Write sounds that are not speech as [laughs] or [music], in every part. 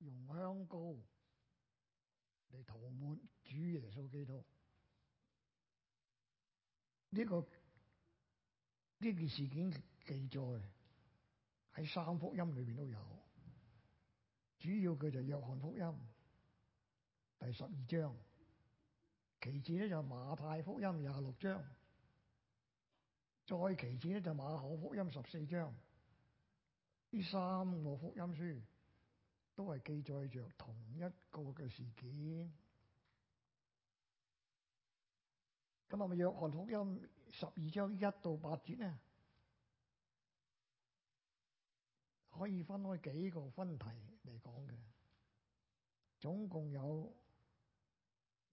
用香膏嚟塗抹主耶穌基督呢、這個呢件、這個、事件記載喺三福音裏面都有，主要佢就約翰福音第十二章，其次呢，就馬太福音廿六章，再其次呢，就馬可福音十四章。呢三個福音書都係記載着同一個嘅事件。咁啊，約翰福音十二章一到八節呢，可以分開幾個分題嚟講嘅，總共有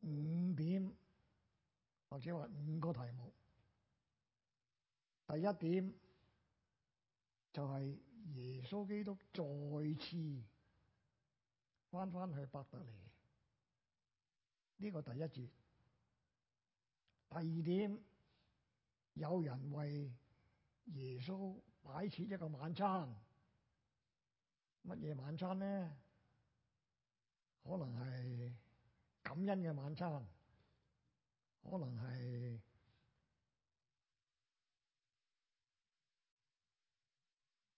五點，或者話五個題目。第一點就係、是。耶穌基督再次返返去伯大尼，呢、這個第一節。第二點，有人為耶穌擺設一個晚餐，乜嘢晚餐呢？可能係感恩嘅晚餐，可能係。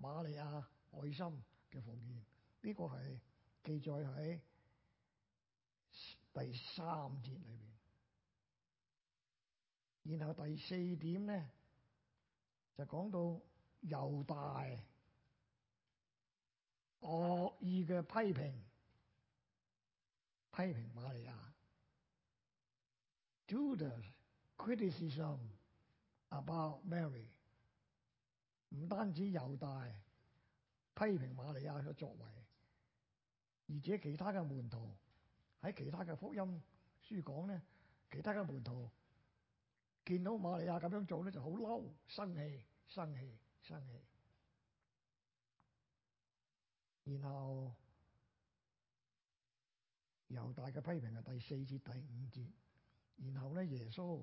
瑪利亞愛心嘅奉獻，呢個係記載喺第三節裏邊。然後第四點咧，就講到猶大惡意嘅批評，批評瑪利亞。Judas criticism about Mary. 唔單止猶大批評瑪利亞嘅作為，而且其他嘅門徒喺其他嘅福音書講咧，其他嘅門徒見到瑪利亞咁樣做咧，就好嬲，生氣生氣生氣。然後猶大嘅批評係第四節第五節，然後咧，耶穌。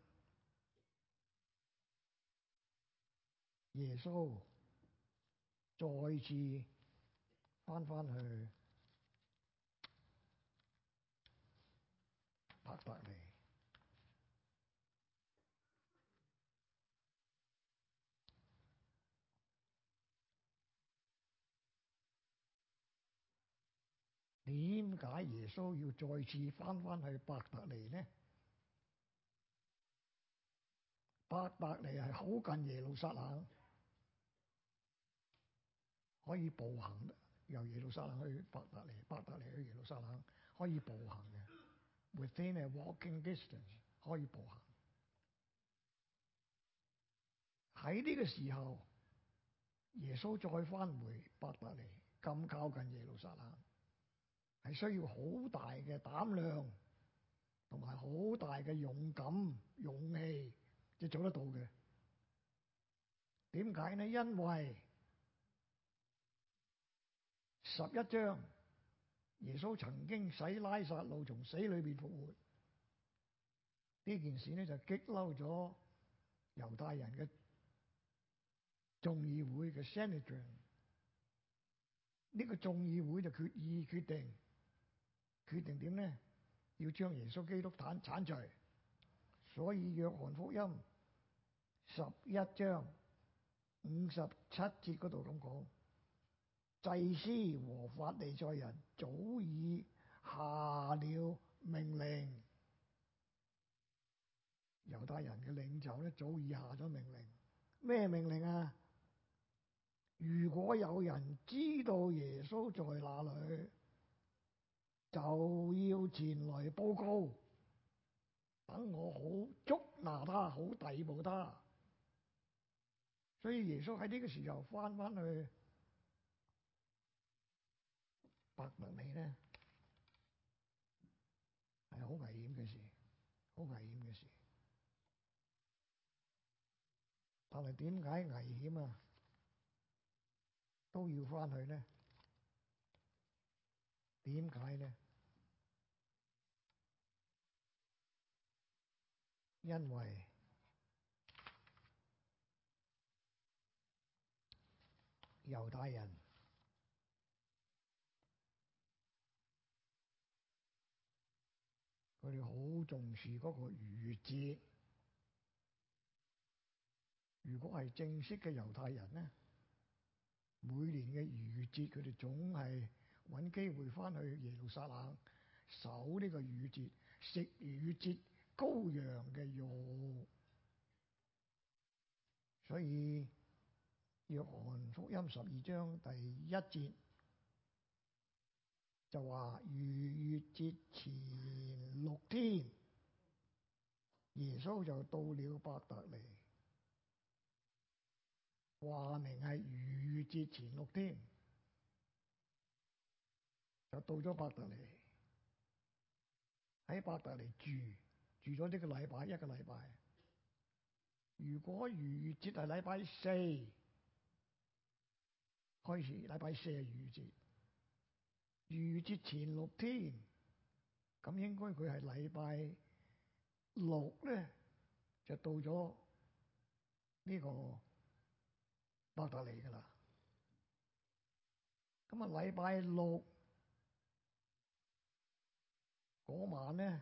耶穌再次翻翻去伯大尼，點解耶穌要再次翻翻去伯大尼呢？伯大尼係好近耶路撒冷。可以步行由耶路撒冷去伯大尼，伯大尼去耶路撒冷可以步行嘅，within a walking distance 可以步行。喺呢個時候，耶穌再返回伯大尼，咁靠近耶路撒冷，係需要好大嘅膽量，同埋好大嘅勇敢、勇氣，先做得到嘅。點解呢？因為。十一章，耶穌曾經使拉撒路從死裏邊復活，呢件事呢就激嬲咗猶太人嘅眾議會嘅 senator，呢個眾議會就決議決定，決定點呢？要將耶穌基督鏟鏟除，所以約翰福音十一章五十七節度咁講。祭司和法利賽人早已下了命令，猶太人嘅領袖咧，早已下咗命令，咩命令啊？如果有人知道耶穌在哪裡，就要前來報告，等我好捉拿他，好逮捕他。所以耶穌喺呢個時候翻翻去。挖墓地咧，係好危險嘅事，好危險嘅事。但係點解危險啊都要返去咧？點解咧？因為猶太人，佢哋好重視嗰個逾越節。如果係正式嘅猶太人咧，每年嘅逾越節，佢哋總係揾機會翻去耶路撒冷守呢個逾越節，食逾越節羔羊嘅肉。所以《約翰福音》十二章第一節。就話逾越節前六天，耶穌就到了伯特尼。話明係逾越節前六天，就到咗伯特尼。喺伯特尼住住咗呢個禮拜一個禮拜。如果逾越節係禮拜四開始，禮拜四係逾越節。預節前六天，咁應該佢係禮拜六咧，就到咗呢個伯大尼噶啦。咁啊，禮拜六嗰晚咧，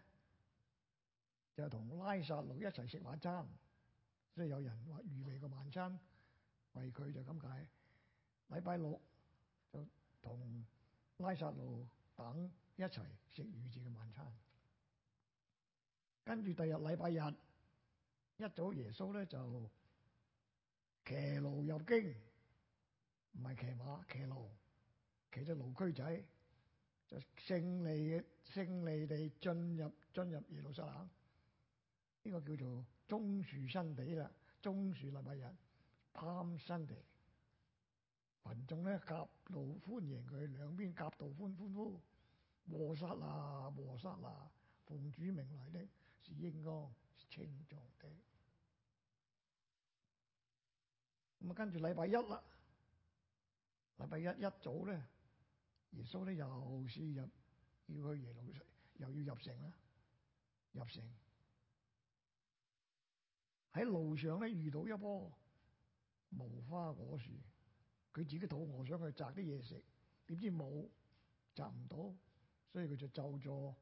就同拉撒路一齊食晚餐，即、就、係、是、有人話預備個晚餐為佢就咁解。禮拜六就同拉薩路等一齊食宇宙嘅晚餐，跟住第日禮拜日一早耶穌咧就騎驢入京，唔係騎馬，騎驢，騎咗驢駒仔，就勝利嘅勝利地進入進入耶路撒冷，呢、這個叫做棕樹新地啦，棕樹禮拜日 Palm Sunday。群眾咧夾道歡迎佢，兩邊夾道歡歡呼，和散那，和散那，奉主名來的，是應該，是稱頌的。咁啊，跟住禮拜一啦，禮拜一一早咧，耶穌咧又先入，要去耶路，又要入城啦，入城。喺路上咧遇到一棵無花果樹。佢自己肚餓，想去摘啲嘢食，點知冇，摘唔到，所以佢就咒咗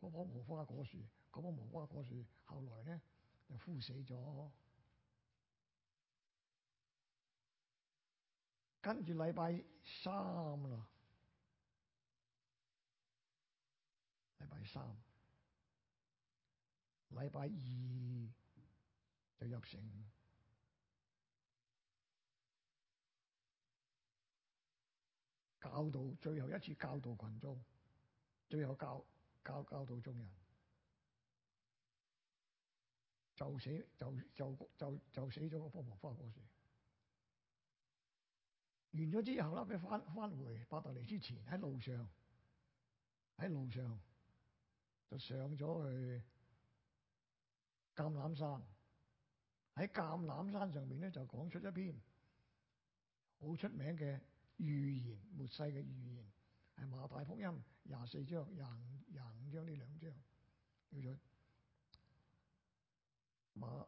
嗰樖無花果樹。嗰樖無花果樹後來咧就枯死咗。跟住禮拜三啦，禮拜三，禮拜二就入城。教導最後一次教導群眾，最後教教教導眾人，就死就就就就，就死咗嗰棵無花果樹。完咗之後咧，佢翻翻回，回，回伯大尼之前喺路上，喺路上就上咗去橄欖山。喺橄欖山上邊咧，就講出一篇好出名嘅。預言末世嘅預言，係馬太福音廿四章、廿五廿五章，呢兩章叫做馬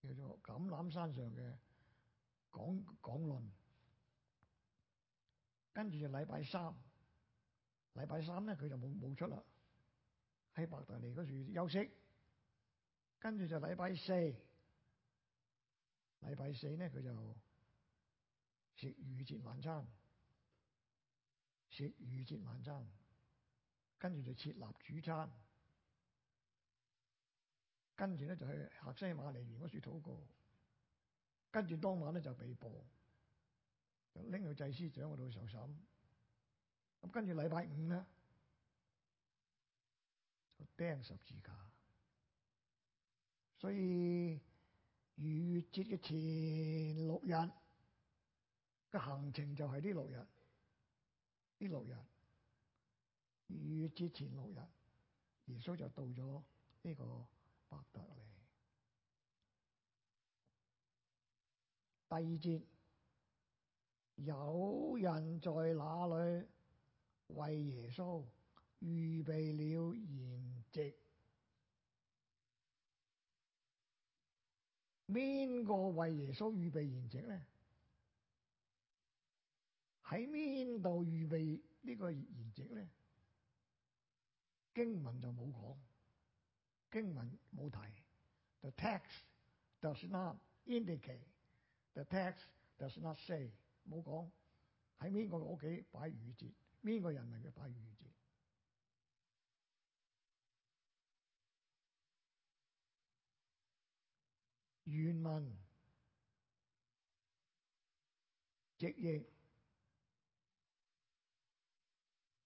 叫做橄欖山上嘅講講論。跟住就禮拜三，禮拜三咧佢就冇冇出啦，喺伯大尼嗰處休息，跟住就禮拜四，禮拜四咧佢就。食逾節晚餐，食逾節晚餐，跟住就設立主餐，跟住咧就去客西瑪尼園嗰處禱告，跟住當晚咧就被捕，就拎去祭司長嗰度受審，咁跟住禮拜五咧就釘十字架，所以逾越節嘅前六日。個行程就係呢六日，啲六日，逾越節前六日，耶穌就到咗呢個伯大尼。第二節，有人在那裡為耶穌預備了筵席，邊個為耶穌預備筵席呢？喺邊度預備個呢個筵筵席咧？經文就冇講，經文冇提。The text does not indicate. The text does not say。冇講喺邊個屋企擺筵席，邊個人嚟嘅擺筵席。原文直譯。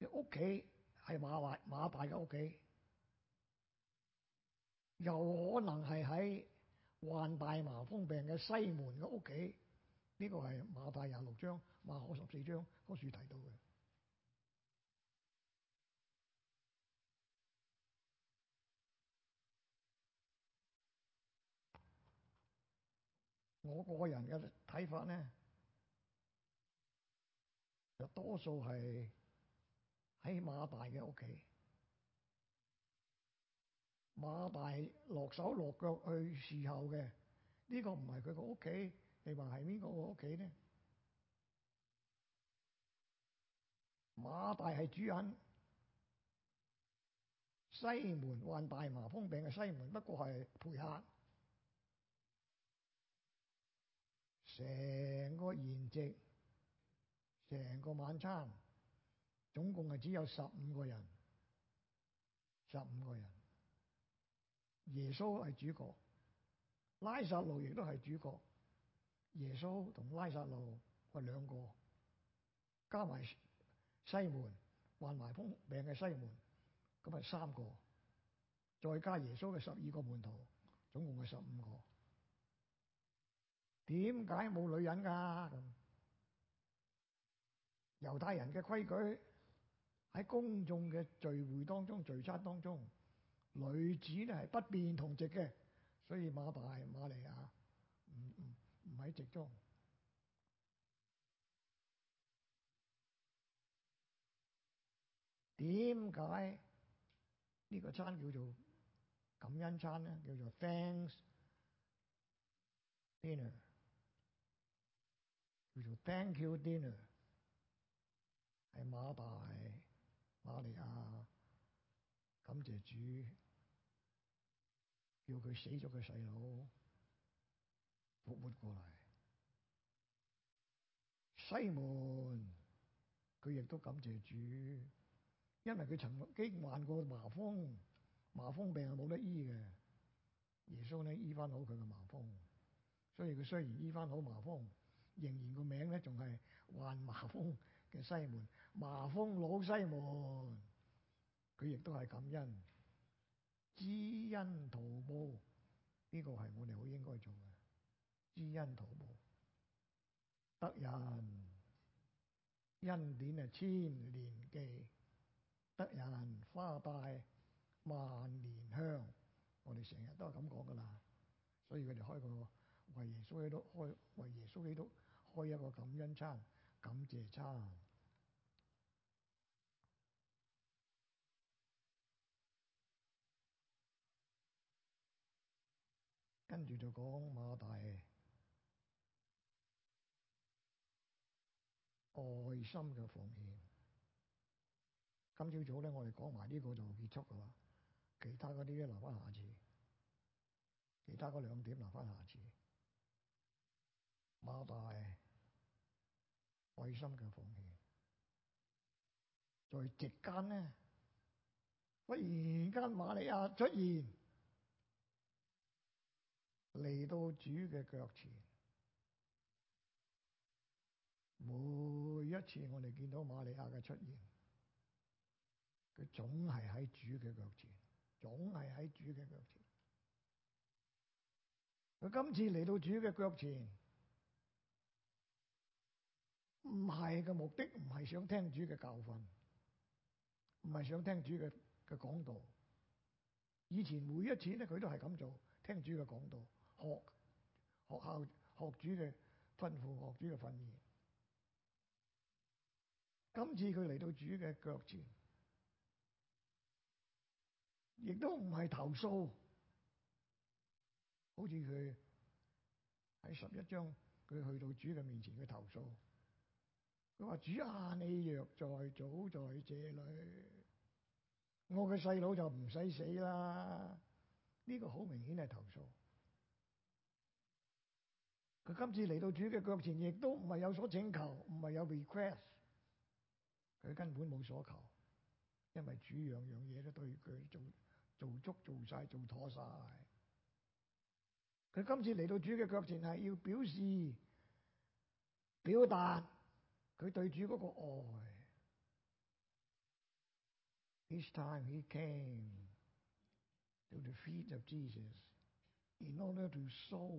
你屋企係馬壞馬大嘅屋企，又可能係喺患大麻風病嘅西門嘅屋企，呢個係馬太廿六章、馬可十四章嗰處提到嘅。我個人嘅睇法咧，就多數係。喺馬大嘅屋企，馬大落手落腳去伺候嘅。呢、這個唔係佢個屋企，你話係邊個個屋企呢？馬大係主人，西門患大麻風病嘅西門，不過係陪客，成個筵席，成個晚餐。總共係只有十五個人，十五個人，耶穌係主角，拉撒路亦都係主角，耶穌同拉撒路係兩個，加埋西門患埋風病嘅西門，咁係三個，再加耶穌嘅十二個門徒，總共係十五個。點解冇女人㗎？猶太人嘅規矩。喺公眾嘅聚會當中、聚餐當中，女子咧係不便同席嘅，所以馬大、馬利亞唔唔唔喺席中。點解呢個餐叫做感恩餐咧？叫做 Thanks Dinner，叫做 Thank You Dinner，係馬大瑪利亞感謝主，叫佢死咗嘅細佬復活過嚟。西門佢亦都感謝主，因為佢曾經患過麻風麻風病係冇得醫嘅。耶穌呢醫翻好佢嘅麻風所以佢雖然醫翻好麻風仍然個名呢仲係患麻風嘅西門。麻風老西門，佢亦都係感恩，知恩圖報，呢、這個係我哋好應該做嘅。知恩圖報，得人恩典啊，千年記，得人花拜，萬年香，我哋成日都係咁講噶啦。所以佢哋開個為耶穌基督開，為耶穌基督開一個感恩餐，感謝餐。跟住就講馬大愛心嘅奉獻。今朝早咧，我哋講埋呢個就結束啦。其他嗰啲咧，留返下次。其他嗰兩點留返下次。馬大愛心嘅奉獻，在席間咧，忽然間瑪利亞出現。嚟到主嘅腳前，每一次我哋見到瑪利亞嘅出現，佢總係喺主嘅腳前，總係喺主嘅腳前。佢今次嚟到主嘅腳前，唔係嘅目的，唔係想聽主嘅教訓，唔係想聽主嘅嘅講道。以前每一次咧，佢都係咁做，聽主嘅講道。學學校學主嘅吩咐，學主嘅訓言。今次佢嚟到主嘅腳前，亦都唔係投訴，好似佢喺十一章佢去到主嘅面前嘅投訴。佢話主啊，你若在，早在這裡，我嘅細佬就唔使死啦。呢、這個好明顯係投訴。佢今次嚟到主嘅腳前，亦都唔係有所請求，唔係有 request，佢根本冇所求，因為主樣樣嘢都對佢做做足、做晒、做妥晒。佢今次嚟到主嘅腳前係要表示、表達佢對主嗰個愛。Each time he came to the feet of Jesus, in order to show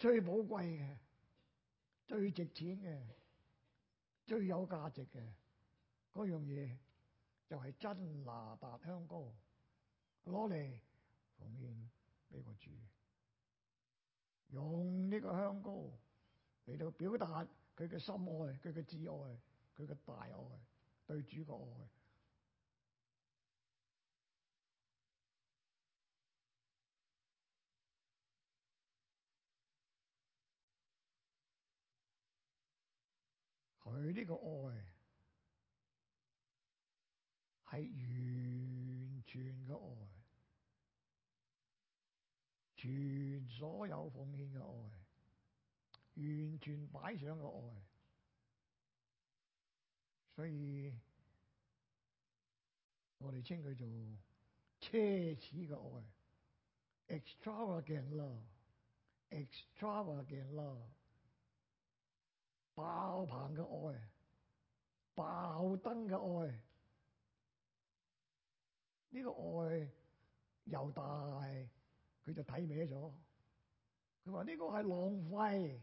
最寶貴嘅、最值錢嘅、最有價值嘅嗰樣嘢，就係真哪噠香膏，攞嚟奉獻俾個主，用呢個香膏嚟到表達佢嘅深愛、佢嘅摯愛、佢嘅大愛對主嘅愛。佢呢個愛係完全嘅愛，全所有奉獻嘅愛，完全擺上嘅愛，所以我哋稱佢做奢侈嘅愛，extravagant love，extravagant love。爆棚嘅愛，爆燈嘅愛，呢個愛又大，佢就睇歪咗。佢話呢個係浪費，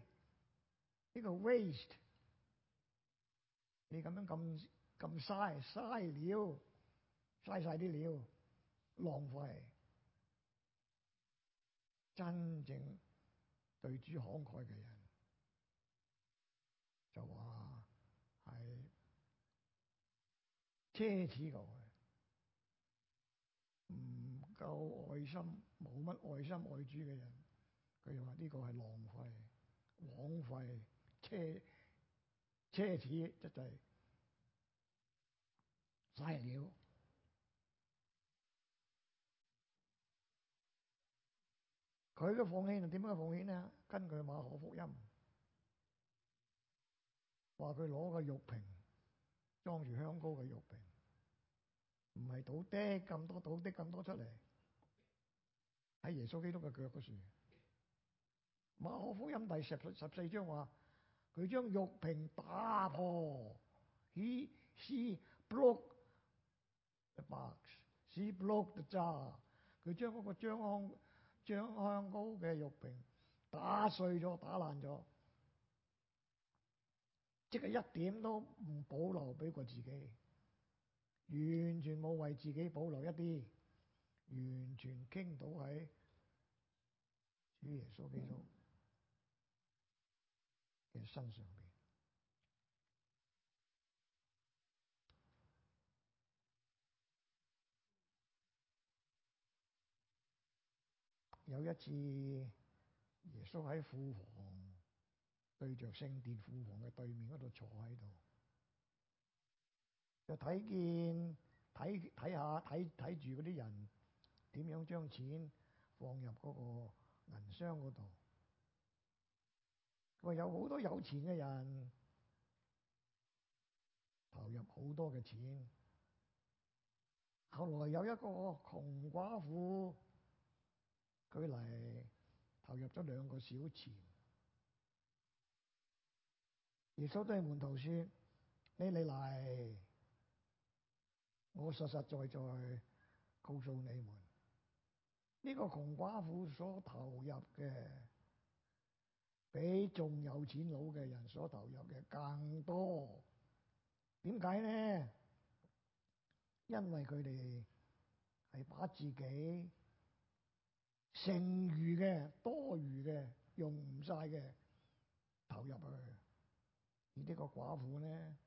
呢個 waste。你咁樣咁咁嘥嘥料，嘥晒啲料，浪費。真正對主慷慨嘅人。奢侈過，唔夠愛心，冇乜愛心愛主嘅人，佢又話呢個係浪費、枉費、奢奢侈，就係嘥料。佢嘅奉獻係點樣嘅奉獻呢？根據馬可福音，話佢攞個玉瓶，裝住香膏嘅玉瓶。唔係倒的咁多，倒的咁多出嚟，喺耶穌基督嘅腳嗰時。馬可福音第十四十四章話，佢將玉瓶打破，he she broke the box，she broke the jar。佢將嗰個裝香裝香膏嘅玉瓶打碎咗，打爛咗，即係一點都唔保留俾佢自己，完全冇為自己保留一啲，完全傾倒喺主耶穌基督嘅身上面。嗯、有一次，耶穌喺庫房，對着聖殿庫房嘅對面嗰度坐喺度。就睇見睇睇下睇睇住嗰啲人點樣將錢放入嗰個銀箱嗰度。佢話有好多有錢嘅人投入好多嘅錢。後來有一個窮寡婦，佢嚟投入咗兩個小錢。耶穌對門徒説：你嚟嚟。我實實在在告訴你們，呢個窮寡婦所投入嘅，比仲有錢佬嘅人所投入嘅更多。點解呢？因為佢哋係把自己剩餘嘅、多餘嘅、用唔晒嘅投入去，而呢個寡婦呢，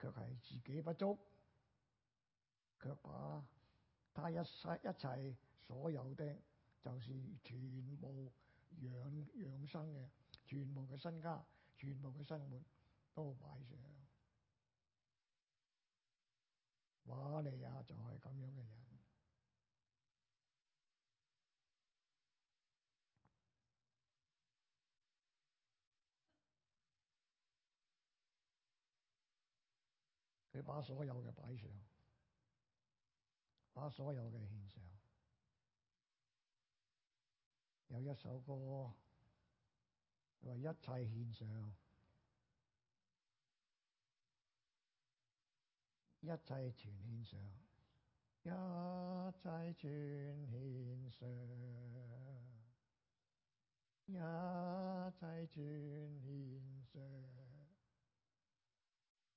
卻係自己不足。卻把他一世一切所有的，就是全部養養生嘅，全部嘅身家，全部嘅生活都擺上。瑪利亞就係、是、咁樣嘅人，佢把所有嘅擺上。把所有嘅獻上，有一首歌，佢、就、話、是、一切獻上，一切全獻上，一切全獻上，一切全獻上。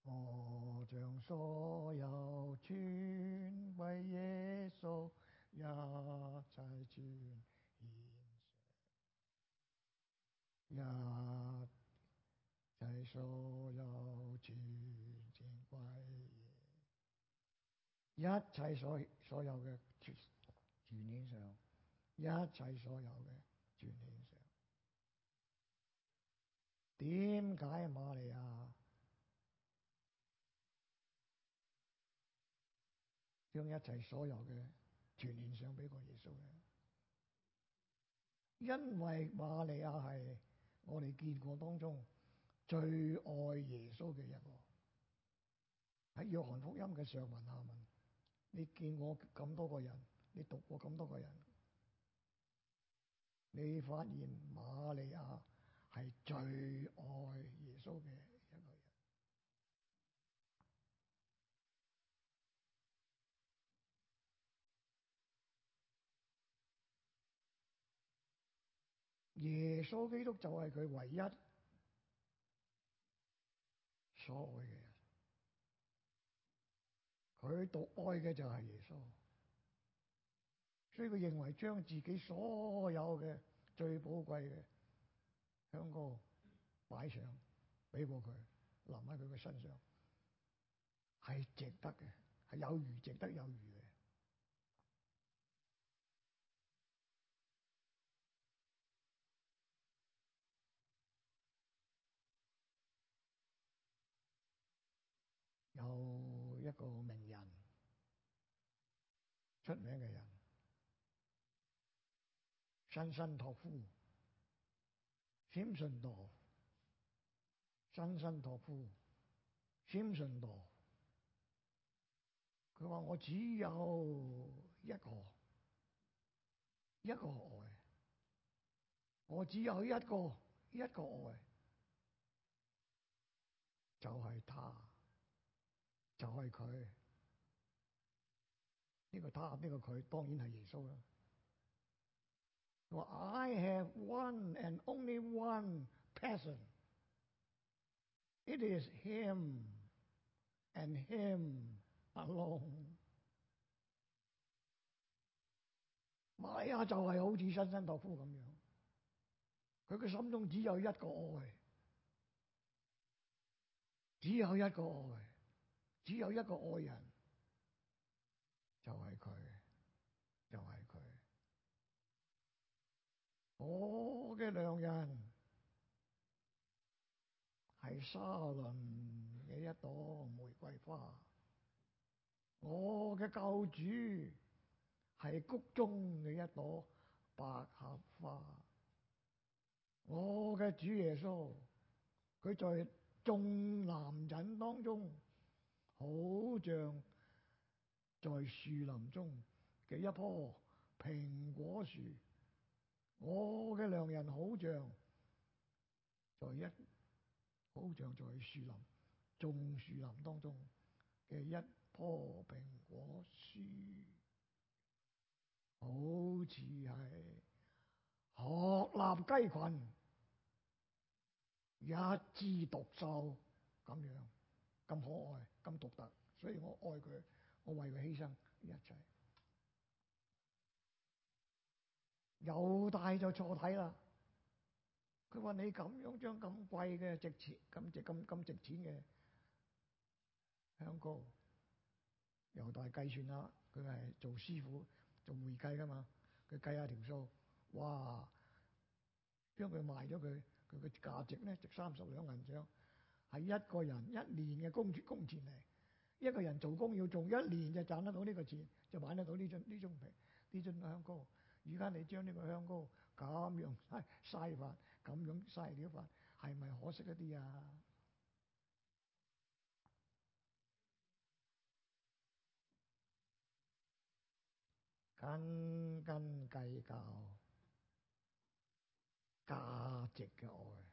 我將所有尊貴耶穌，一切尊全獻，一切所有全獻給耶，一切所所有嘅全全獻上，一切所有嘅全獻上，點解瑪利亞？將一切所有嘅全獻上俾過耶穌嘅，因為瑪利亞係我哋見過當中最愛耶穌嘅一個。喺約翰福音嘅上文下文，你見過咁多個人，你讀過咁多個人，你發現瑪利亞係最愛耶穌嘅。耶穌基督就係佢唯一所愛嘅人，佢獨愛嘅就係耶穌，所以佢認為將自己所有嘅最寶貴嘅香膏擺上，俾過佢，淋喺佢嘅身上，係值得嘅，係有餘值得有餘。一個名人，出名嘅人，身身托夫，心神道，身身托夫，心神道。佢話我只有一個，一個愛，我只有一個，一個愛，就係、是、他。就係佢，呢、這個他，呢、這個佢，當然係耶穌啦。佢話：I have one and only one person. It is him and him alone。瑪利亞就係好似親辛托夫咁樣，佢嘅心中只有一個愛，只有一個愛。只有一個愛人，就係佢，就係佢。我嘅良人係沙倫嘅一朵玫瑰花，我嘅救主係谷中嘅一朵百合花，我嘅主耶穌，佢在眾男人當中。好像在樹林中嘅一棵蘋果樹，我嘅良人好像在一，好像在樹林，種樹林當中嘅一棵蘋果樹，好似係鶴立雞群，一枝獨秀咁樣。咁可愛，咁獨特，所以我愛佢，我為佢犧牲一切。猶大就錯睇啦。佢話你咁樣將咁貴嘅值錢，咁值咁咁值錢嘅香膏，猶大計算啦。佢係做師傅，做會計噶嘛，佢計下條數，哇，將佢賣咗佢，佢嘅價值咧值三十兩銀章。係一個人一年嘅工工錢嚟，一個人做工要做一年就賺得到呢個錢，就買得到呢種呢種呢樽香膏。而家你將呢個香膏咁樣嘥法，咁樣嘥料法，係咪可惜一啲啊？斤斤計較價值嘅愛。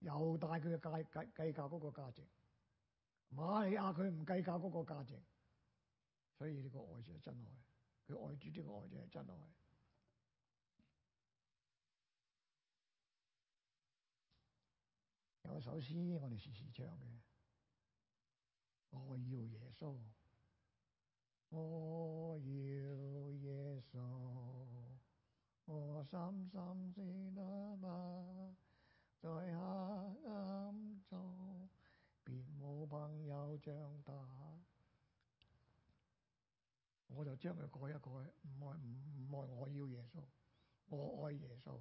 又帶佢嘅計計計較嗰個價值，瑪利亞佢唔計較嗰個價值，所以呢個愛就係真愛，佢愛主呢個愛就係真愛。有首詩我哋時時唱嘅，我要耶穌，我要耶穌，我深深記得嘛。在黑暗中，便冇朋友長大，我就將佢改一改。唔愛唔愛，我要耶穌，我愛耶穌，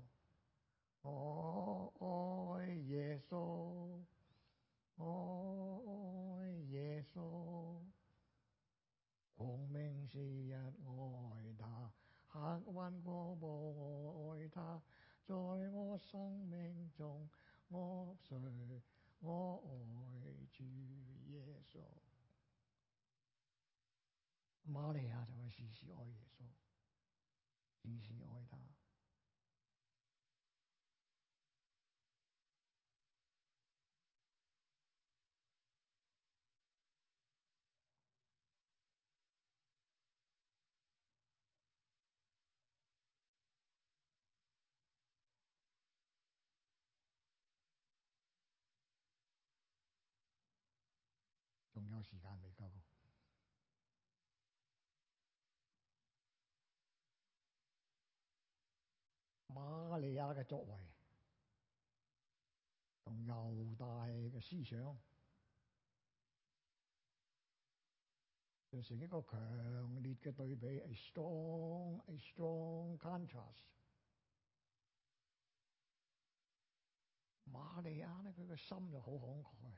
我愛耶穌。我愛耶穌。光明時日我愛他，黑暗過步我愛他。在我生命中，我信，我愛主耶穌，瑪利亞就係時時愛耶穌，時時愛他。時間未夠。瑪利亞嘅作為同猶大嘅思想形成一個強烈嘅對比，a strong，a strong contrast。瑪利亞呢，佢嘅心就好慷慨。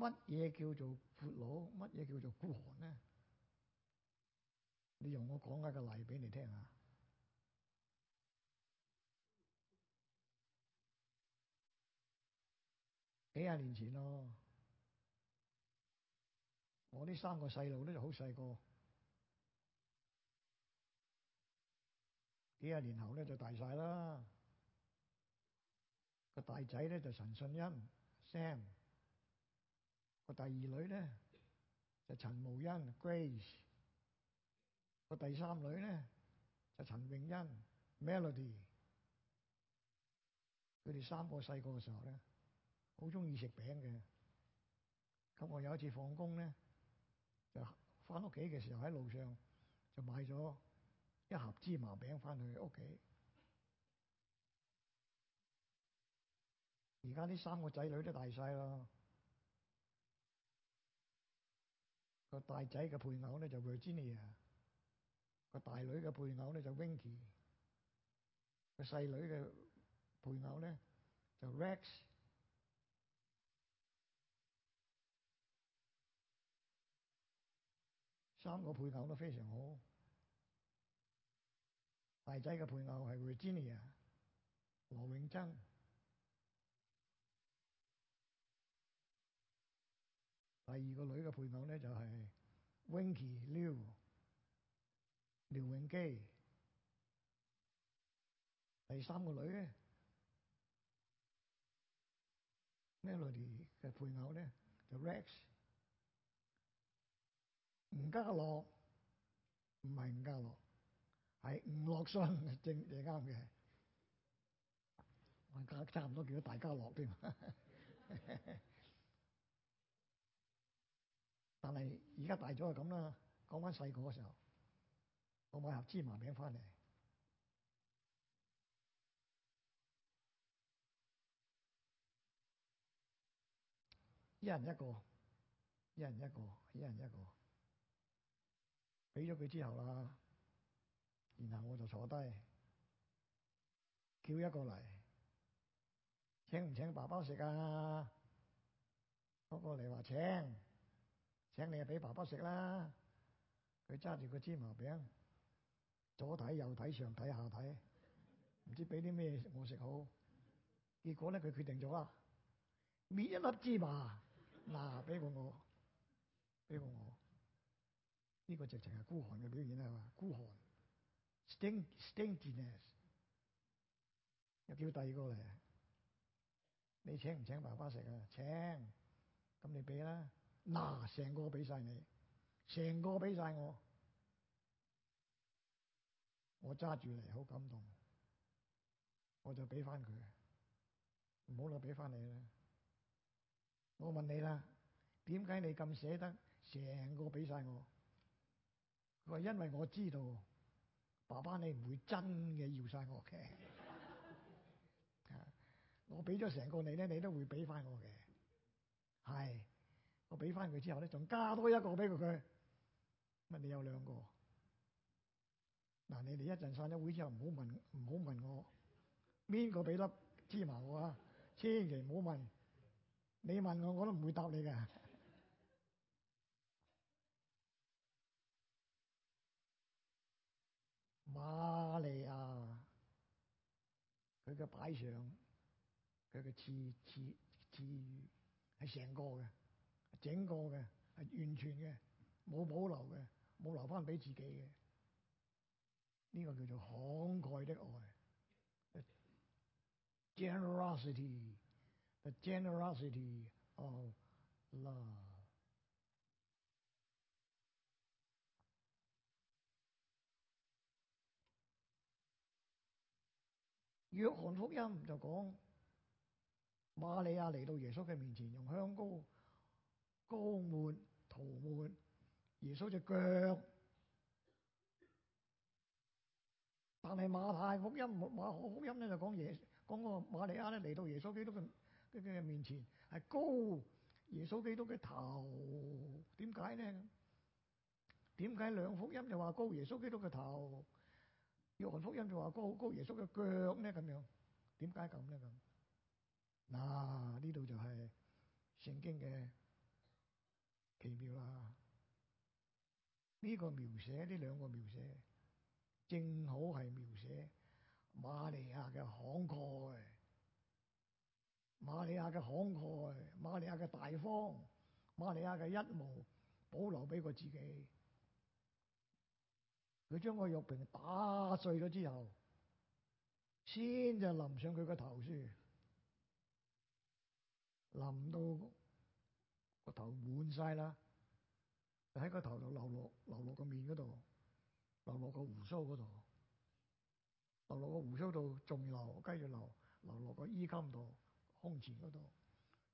乜嘢叫做闊佬？乜嘢叫做孤寒呢？你用我講解個例俾你聽下。幾廿年前咯，我呢三個細路咧就好細個，幾廿年後咧就大晒啦。個大仔咧就陳信恩 Sam。個第二女咧就陳慕恩 Grace，個第三女咧就陳詠恩 Melody。佢哋三個細個嘅時候咧，好中意食餅嘅。咁我有一次放工咧，就翻屋企嘅時候喺路上就買咗一盒芝麻餅翻去屋企。而家呢三個仔女都大晒啦。個大仔嘅配偶咧就 Virginia，個大女嘅配偶咧就 Vicky，個細女嘅配偶咧就 Rex，三個配偶都非常好。大仔嘅配偶係 Virginia，羅永珍。第二個女嘅配偶咧，就係、是、Winky Liu，廖永基。第三個女咧，Melody 嘅配偶咧，就是、Rex。吳家樂，唔係吳家樂，係吳樂生正正啱嘅，我差差唔多叫咗大家樂添。 [laughs] [noise] 樂但係而家大咗就咁啦。講返細個嗰時候，我買盒芝麻餅返嚟，一人一個，一人一個，一人一個，俾咗佢之後啦，然後我就坐低叫一個嚟，請唔請爸爸食啊？嗰、嗰個你話請。請你啊，俾爸爸食啦！佢揸住個芝麻餅，左睇右睇，上睇下睇，唔知俾啲咩我食好。結果咧，佢決定咗啦，搣一粒芝麻嗱，俾過我，俾過我。呢、這個直情係孤寒嘅表現，係嘛？孤寒。Sting, stinginess 又叫第二個嚟。你請唔請爸爸食啊？請，咁你俾啦。嗱，成、啊、個俾晒你，成個俾晒我，我揸住嚟好感動，我就俾翻佢，唔好啦，俾翻你啦。我問你啦，點解你咁捨得成個俾晒我？佢話因為我知道，爸爸你唔會真嘅要晒我嘅， [laughs] 我俾咗成個你咧，你都會俾翻我嘅，係。我俾翻佢之後咧，仲加多一個俾佢佢。咪你有兩個。嗱，你哋一陣散咗會之後，唔好問，唔好問我邊個俾粒芝麻我喎、啊？千祈唔好問。你問我，我都唔會答你㗎。 [laughs] 瑪利亞，佢嘅擺上，佢嘅刺刺刺魚係成個嘅。.整個嘅係完全嘅，冇保留嘅，冇留翻俾自己嘅，呢、呢個叫做慷慨的愛。Generosity，the generosity of love。約翰福音就講，瑪利亞嚟到耶穌嘅面前，用香膏。高門徒門，耶穌嘅腳，但係馬太福音、馬可福音咧，就講耶講個馬利亞咧，嚟到耶穌基督嘅嘅面前係高耶穌基督嘅頭，點解咧？點解兩福音就話高耶穌基督嘅頭，約翰福音就話高高耶穌嘅腳咧？咁樣點解咁咧？咁，嗱呢度就係聖經嘅。奇妙啦、啊！呢、這個描寫，呢兩個描寫，正好係描寫瑪利亞嘅慷慨，瑪利亞嘅慷慨，瑪利亞嘅大方，瑪利亞嘅一無保留俾佢自己。佢將個玉瓶打碎咗之後，先就淋上佢個頭先，淋到。個頭滿晒啦，喺、就、個、是、頭度流落流落個面嗰度，流落個鬍鬚嗰度，流落個鬍鬚度仲流，繼續流，流落個衣襟度、胸前嗰度，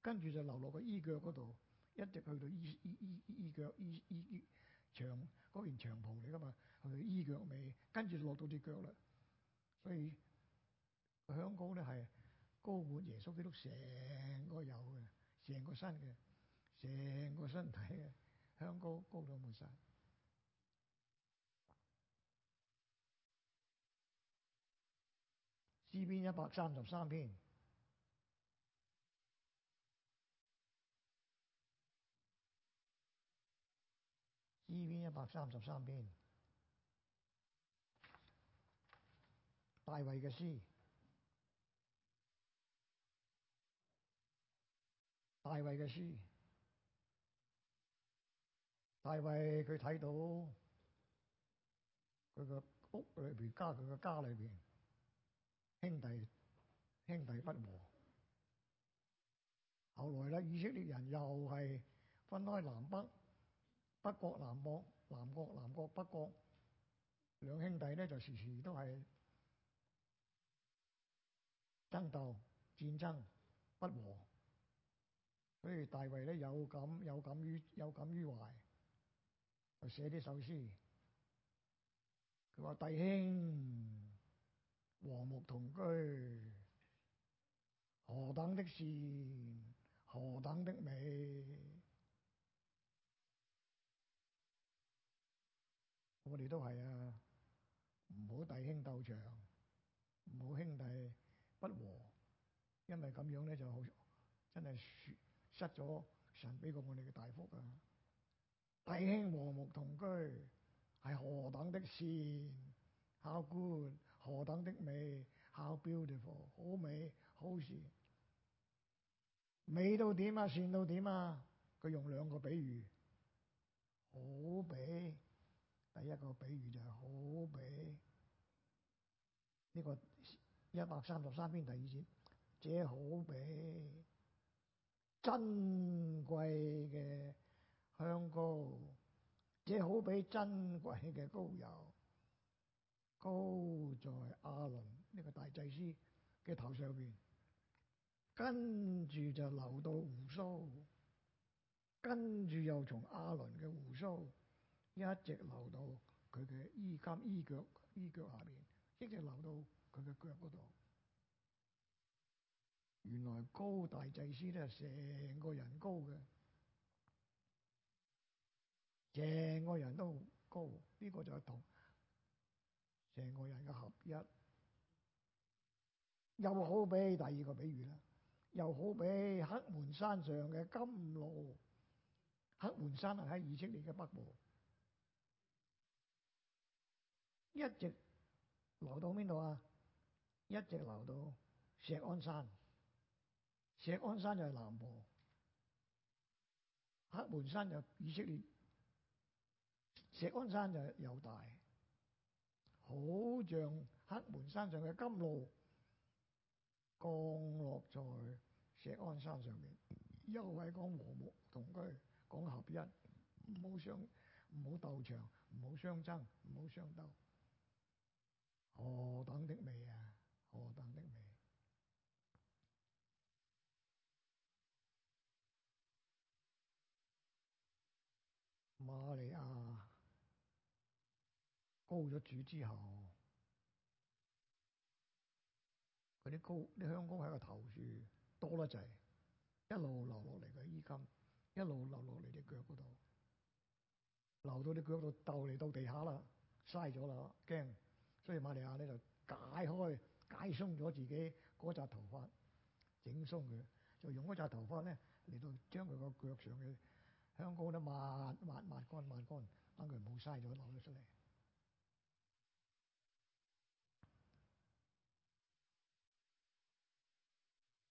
跟住就流落個衣腳嗰度，一直去到衣衣衣衣腳衣衣衣長嗰件長袍嚟噶嘛？衣腳尾，跟住落到隻腳啦。所以香膏咧係高滿耶穌基督成個有嘅，成個身嘅。成個身體啊，香膏膏到滿晒。詩篇一百三十三篇，詩篇一百三十三篇，大衛嘅詩，大衛嘅詩。大衛佢睇到佢個屋裏邊加佢個家裏邊兄弟，兄弟不和，後來咧，以色列人又係分開南北，北國南國南國南國北國兩兄弟咧就時時都係爭鬥戰爭不和，所以大衛咧有感，有感於，有感於懷。就寫啲首詩，佢話，弟兄和睦同居，何等的善，何等的美。我哋都係啊，唔好弟兄鬥長，唔好兄弟不和，因為咁樣咧就好，真係損失咗神俾過我哋嘅大福啊！弟兄和睦同居，係何等的善，How good 何等的美，How beautiful 好美好善，美到點啊，善到點啊！佢用兩個比喻，好比第一個比喻就係好比呢、這個一百三十三篇第二節，這好比珍貴嘅。香膏，即係好比珍貴嘅膏油，膏在阿倫呢個大祭司嘅頭上邊，跟住就流到鬍鬚，跟住又從阿倫嘅鬍鬚一直流到佢嘅衣襟、衣腳、衣腳下邊，一直流到佢嘅腳度。腳腳原來高大祭司咧，成個人高嘅。成個人都好高，呢個就係同成個人嘅合一，又好比第二個比喻啦，又好比黑門山上嘅金路，黑門山係喺以色列嘅北部，一直流到邊度啊？一直流到石鞍山，石鞍山就係南部，黑門山就以色列。石安山就又大，好像黑門山上嘅甘露降落在石安山上面。又係講和睦同居，講合一，唔好相唔好鬥場，唔好相爭，唔好相鬥。何等的美啊！何等的美啊！瑪利亞。煲咗煮，煮之後，啲高啲香膏喺個頭處多得滯，一路流落嚟嘅衣襟，一路流落嚟隻腳嗰度，流到啲腳度鬥嚟到地下啦，嘥咗啦，驚，所以瑪利亞咧就解開解鬆咗自己嗰紮頭髮，整鬆佢，就用嗰紮頭髮咧嚟到將佢個腳上嘅香膏咧抹抹抹乾抹乾，等佢冇嘥咗攞咗出嚟。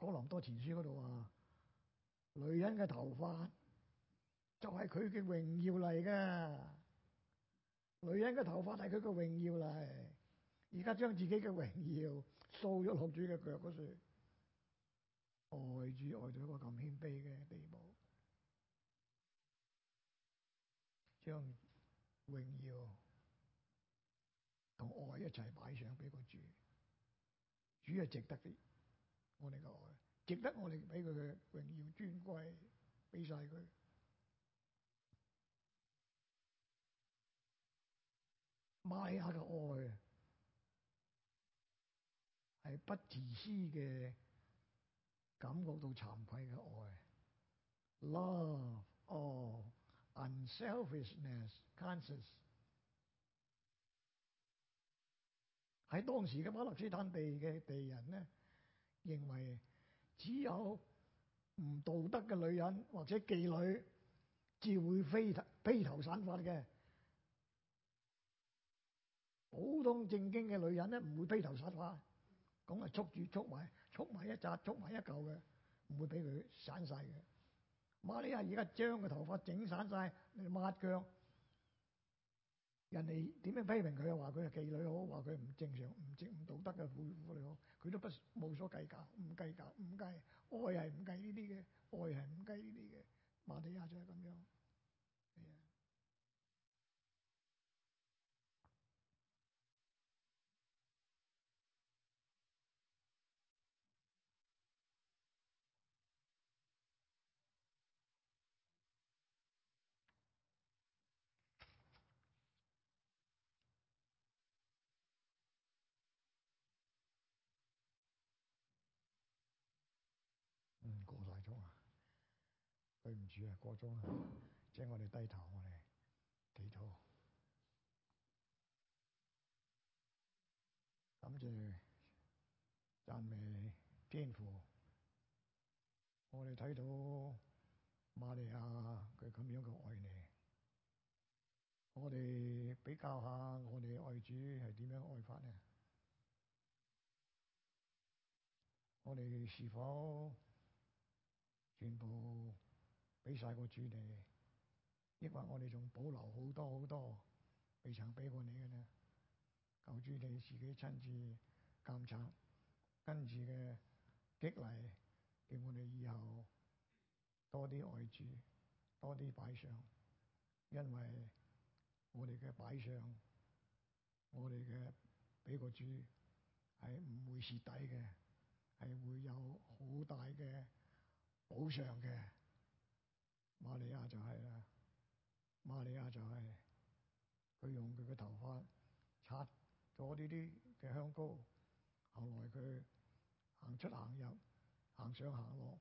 《哥林多前書》嗰度啊，女人嘅頭髮就係佢嘅榮耀嚟嘅，女人嘅頭髮係佢嘅榮耀嚟。而家將自己嘅榮耀掃咗落主嘅腳嗰處，愛主愛到一個咁謙卑嘅地步，將榮耀同愛一齊擺上俾個主，主係值得啲。我哋嘅愛值得我哋俾佢嘅榮耀尊貴，俾晒佢。瑪利亞嘅愛係不自私嘅，感覺到慚愧嘅愛。Love of unselfishness, conscience。喺當時嘅巴勒斯坦地嘅地人咧。.認為只有唔道德嘅女人或者妓女，至會飛披頭散髮嘅，普通正經嘅女人咧，唔會披頭散髮，咁啊束住束埋束埋一紮束埋一嚿嘅，唔會俾佢散晒嘅。瑪利亞而家將個頭髮整散曬嚟抹腳。人哋點樣批評佢，又話佢係妓女好，話佢唔正常、唔正唔道德嘅婦婦女好，佢都不無所計較，唔計較，唔計愛係唔計呢啲嘅，愛係唔計呢啲嘅，瑪利亞就係咁樣。對唔住啊，過鐘啊，請我哋低頭我，我哋祈禱，感謝讚美天父。我哋睇到瑪利亞佢咁樣嘅愛你，我哋比較下，我哋愛主係點樣愛法呢？我哋是否？全部俾晒個主你抑或我哋仲保留好多好多未曾俾過你嘅咧？求主你自己親自監察，跟住嘅激勵，叫我哋以後多啲愛主，多啲擺上，因為我哋嘅擺上，我哋嘅俾個主係唔會蝕底嘅，係會有好大嘅。補償嘅瑪利亞就係啦，瑪利亞就係、是、佢、就是、用佢嘅頭髮擦咗呢啲嘅香膏，後來佢行出行入，行上行落，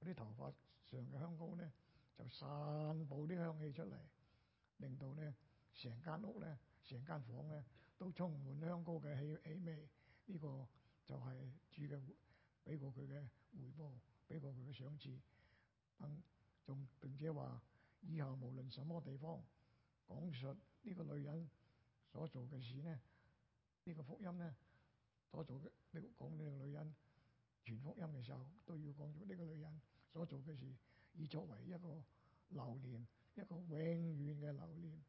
嗰啲頭髮上嘅香膏咧就散佈啲香氣出嚟，令到咧成間屋咧，成間房咧都充滿香膏嘅氣氣味。呢、這個就係主嘅俾過佢嘅回報。俾過佢嘅賞賜，並仲並且話：以後無論什麼地方講述呢個女人所做嘅事呢，呢、呢個福音呢，所做嘅講呢個女人全福音嘅時候，都要講咗呢個女人所做嘅事，以作為一個留念，一個永遠嘅留念。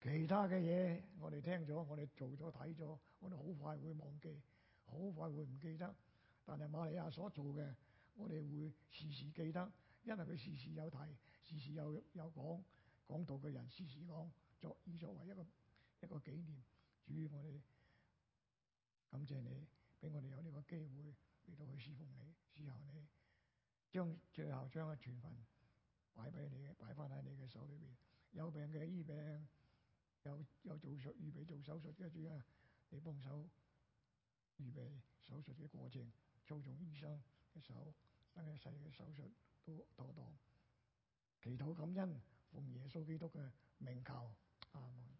其他嘅嘢，我哋聽咗，我哋做咗睇咗，我哋好快會忘記，好快會唔記得。但係瑪利亞所做嘅，我哋會時時記得，因為佢時時有提，時時有有講講道嘅人時時講，作以作為一個一個紀念。主要我，我哋感謝你俾我哋有呢個機會嚟到去侍奉你，侍候你，將最後將個傳聞擺俾你，擺翻喺你嘅手裏邊。有病嘅醫病，有有做術預備做手術嘅，主啊，你幫手預備手術嘅過程。操縱醫生嘅手生嘅細嘅手術都妥當，祈禱感恩，奉耶穌基督嘅名求啊！Amen.